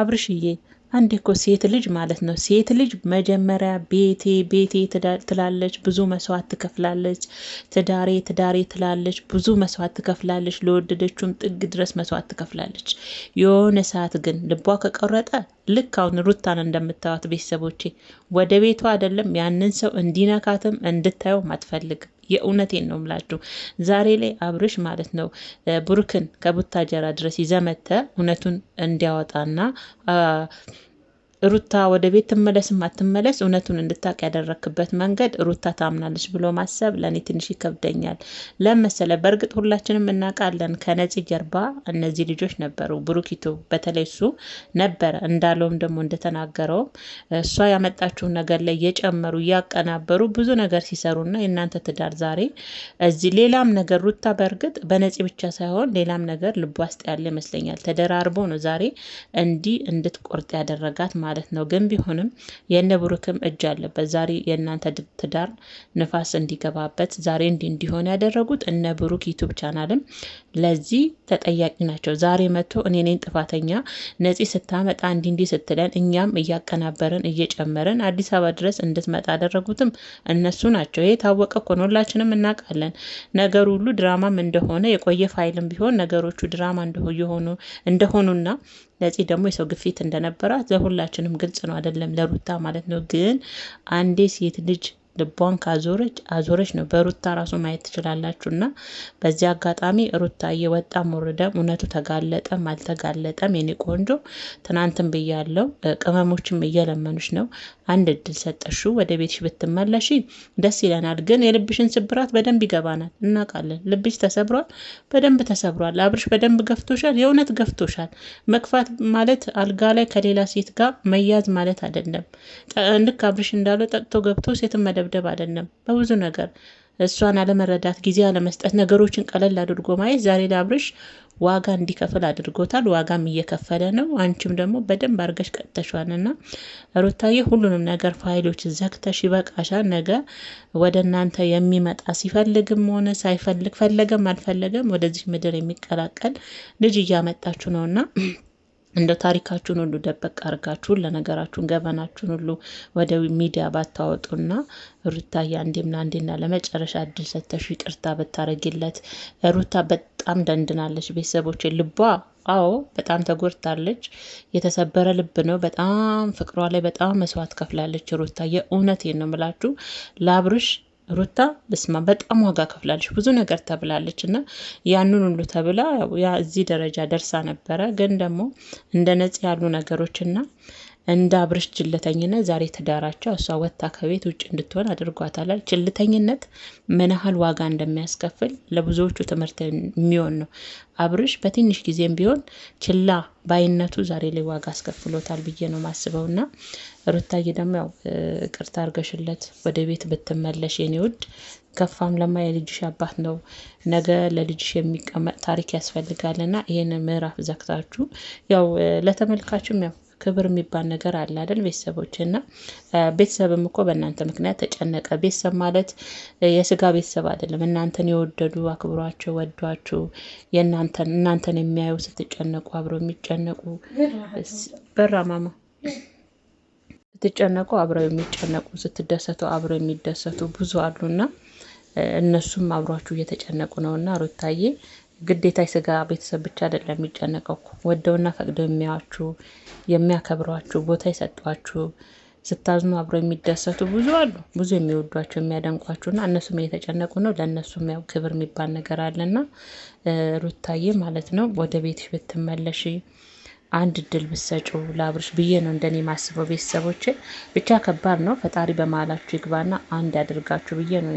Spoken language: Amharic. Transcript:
አብርሽዬ አንዴ እኮ ሴት ልጅ ማለት ነው። ሴት ልጅ መጀመሪያ ቤቴ ቤቴ ትላለች፣ ብዙ መስዋዕት ትከፍላለች። ትዳሬ ትዳሬ ትላለች፣ ብዙ መስዋዕት ትከፍላለች። ለወደደችውም ጥግ ድረስ መስዋዕት ትከፍላለች። የሆነ ሰዓት ግን ልቧ ከቆረጠ ልክ አሁን ሩታን እንደምታዩት ቤተሰቦቼ፣ ወደ ቤቷ አይደለም ያንን ሰው እንዲነካትም እንድታየውም አትፈልግም። የእውነቴን ነው ምላችሁ። ዛሬ ላይ አብርሽ ማለት ነው ብሩክን ከቡታጀራ ድረስ ይዘመተ እውነቱን እንዲያወጣና ሩታ ወደ ቤት ትመለስም አትመለስ እውነቱን እንድታቅ ያደረክበት መንገድ ሩታ ታምናለች ብሎ ማሰብ ለእኔ ትንሽ ይከብደኛል። ለመሰለ በእርግጥ ሁላችንም እናውቃለን ከነፂ ጀርባ እነዚህ ልጆች ነበሩ። ብሩኪቱ በተለይ እሱ ነበረ እንዳለውም ደግሞ እንደተናገረውም እሷ ያመጣችውን ነገር ላይ እየጨመሩ እያቀናበሩ ብዙ ነገር ሲሰሩና የእናንተ ትዳር ዛሬ እዚህ ሌላም ነገር ሩታ በእርግጥ በነፂ ብቻ ሳይሆን ሌላም ነገር ልቧ ውስጥ ያለ ይመስለኛል። ተደራርቦ ነው ዛሬ እንዲህ እንድትቆርጥ ያደረጋት ማለት ማለት ነው። ግን ቢሆንም የነ ብሩክም እጅ አለበት። ዛሬ የእናንተ ትዳር ንፋስ እንዲገባበት ዛሬ እንዲ እንዲሆን ያደረጉት እነ ብሩክ ዩቱብ ቻናልም ለዚህ ተጠያቂ ናቸው። ዛሬ መጥቶ እኔ እኔን ጥፋተኛ ነፂ ስታመጣ እንዲ እንዲ ስትለን እኛም እያቀናበርን እየጨመርን አዲስ አበባ ድረስ እንድትመጣ ያደረጉትም እነሱ ናቸው። ይሄ ታወቀ እኮ ነው፣ ሁላችንም እናውቃለን። ነገሩ ሁሉ ድራማም እንደሆነ የቆየ ፋይልም ቢሆን ነገሮቹ ድራማ እንደሆኑና ለዚህ ደግሞ የሰው ግፊት እንደነበራት ለሁላችንም ግልጽ ነው፣ አይደለም ለሩታ ማለት ነው። ግን አንዴ ሴት ልጅ ልቧን ካዞረች አዞረች ነው። በሩታ ራሱ ማየት ትችላላችሁ። እና በዚህ አጋጣሚ ሩታ እየወጣ ወረደም እውነቱ ተጋለጠም አልተጋለጠም የኔ ቆንጆ ትናንትም ብያለው፣ ቅመሞችም እየለመኑች ነው። አንድ እድል ሰጠሹ፣ ወደ ቤትሽ ብትመለሺ ደስ ይለናል። ግን የልብሽን ስብራት በደንብ ይገባናል፣ እናውቃለን። ልብሽ ተሰብሯል፣ በደንብ ተሰብሯል። አብርሽ በደንብ ገፍቶሻል፣ የእውነት ገፍቶሻል። መግፋት ማለት አልጋ ላይ ከሌላ ሴት ጋር መያዝ ማለት አይደለም። ልክ አብርሽ እንዳለው ጠጥቶ ገብቶ ሴትን መደ በመደብደብ አይደለም፣ በብዙ ነገር እሷን አለመረዳት፣ ጊዜ አለመስጠት፣ ነገሮችን ቀለል አድርጎ ማየት ዛሬ ላይ ዋጋ እንዲከፍል አድርጎታል። ዋጋም እየከፈለ ነው። አንቺም ደግሞ በደንብ አድርገሽ ቀጥተሽዋል እና ሩታዬ ሁሉንም ነገር ፋይሎች ዘግተሽ ይበቃሻል። ነገ ወደ እናንተ የሚመጣ ሲፈልግም ሆነ ሳይፈልግ ፈለገም አልፈለገም ወደዚህ ምድር የሚቀላቀል ልጅ እያመጣችሁ ነውና እንደ ታሪካችሁን ሁሉ ደበቅ አድርጋችሁን ለነገራችሁን ገበናችሁን ሁሉ ወደ ሚዲያ ባታወጡና ሩታ አንዴም አንዴና ለመጨረሻ እድል ሰተሽ ይቅርታ ብታረጊለት። ሩታ በጣም ደንድናለች። ቤተሰቦች ልቧ አዎ በጣም ተጎድታለች። የተሰበረ ልብ ነው። በጣም ፍቅሯ ላይ በጣም መስዋዕት ከፍላለች ሩታ። የእውነት ነው ምላችሁ ለአብርሽ ሩታ በስማ በጣም ዋጋ ከፍላለች፣ ብዙ ነገር ተብላለች እና ያንን ሁሉ ተብላ እዚህ ደረጃ ደርሳ ነበረ። ግን ደግሞ እንደ ነጽ ያሉ ነገሮችና እንደ አብርሽ ችለተኝነት ዛሬ ትዳራቸው እሷ ወጥታ ከቤት ውጭ እንድትሆን አድርጓታላል። ችልተኝነት ምን ያህል ዋጋ እንደሚያስከፍል ለብዙዎቹ ትምህርት የሚሆን ነው። አብርሽ በትንሽ ጊዜም ቢሆን ችላ ባይነቱ ዛሬ ላይ ዋጋ አስከፍሎታል ብዬ ነው ማስበው ና ሩታዬ ደግሞ ያው ቅርታ አርገሽለት ወደ ቤት ብትመለሽ የኔ ውድ ከፋም ለማ የልጅሽ አባት ነው። ነገ ለልጅሽ የሚቀመጥ ታሪክ ያስፈልጋልና ይህን ምዕራፍ ዘግታችሁ ያው ለተመልካችም ያው ክብር የሚባል ነገር አለ አይደል? ቤተሰቦች እና ቤተሰብም እኮ በእናንተ ምክንያት ተጨነቀ። ቤተሰብ ማለት የስጋ ቤተሰብ አይደለም። እናንተን የወደዱ አክብሯቸው፣ ወዷችሁ የእናንተን እናንተን የሚያዩ ስትጨነቁ አብረው የሚጨነቁ በራማማ ስትጨነቁ አብረው የሚጨነቁ ስትደሰቱ አብረው የሚደሰቱ ብዙ አሉና እነሱም አብሯችሁ እየተጨነቁ ነው እና ሩታዬ ግዴታ የስጋ ቤተሰብ ብቻ አይደለም የሚጨነቀው ወደውና ፈቅደው የሚያዋችሁ የሚያከብሯችሁ ቦታ የሰጧችሁ ስታዝኑ አብረው የሚደሰቱ ብዙ አሉ። ብዙ የሚወዷቸው የሚያደንቋችሁና እነሱም እየተጨነቁ ነው። ለእነሱም ያው ክብር የሚባል ነገር አለና ሩታዬ ማለት ነው ወደ ቤትሽ ብትመለሽ አንድ እድል ብሰጭው ለአብርሽ ብዬ ነው እንደኔ ማስበው። ቤተሰቦች ብቻ ከባድ ነው። ፈጣሪ በመሀላችሁ ይግባና አንድ ያደርጋችሁ ብዬ ነው።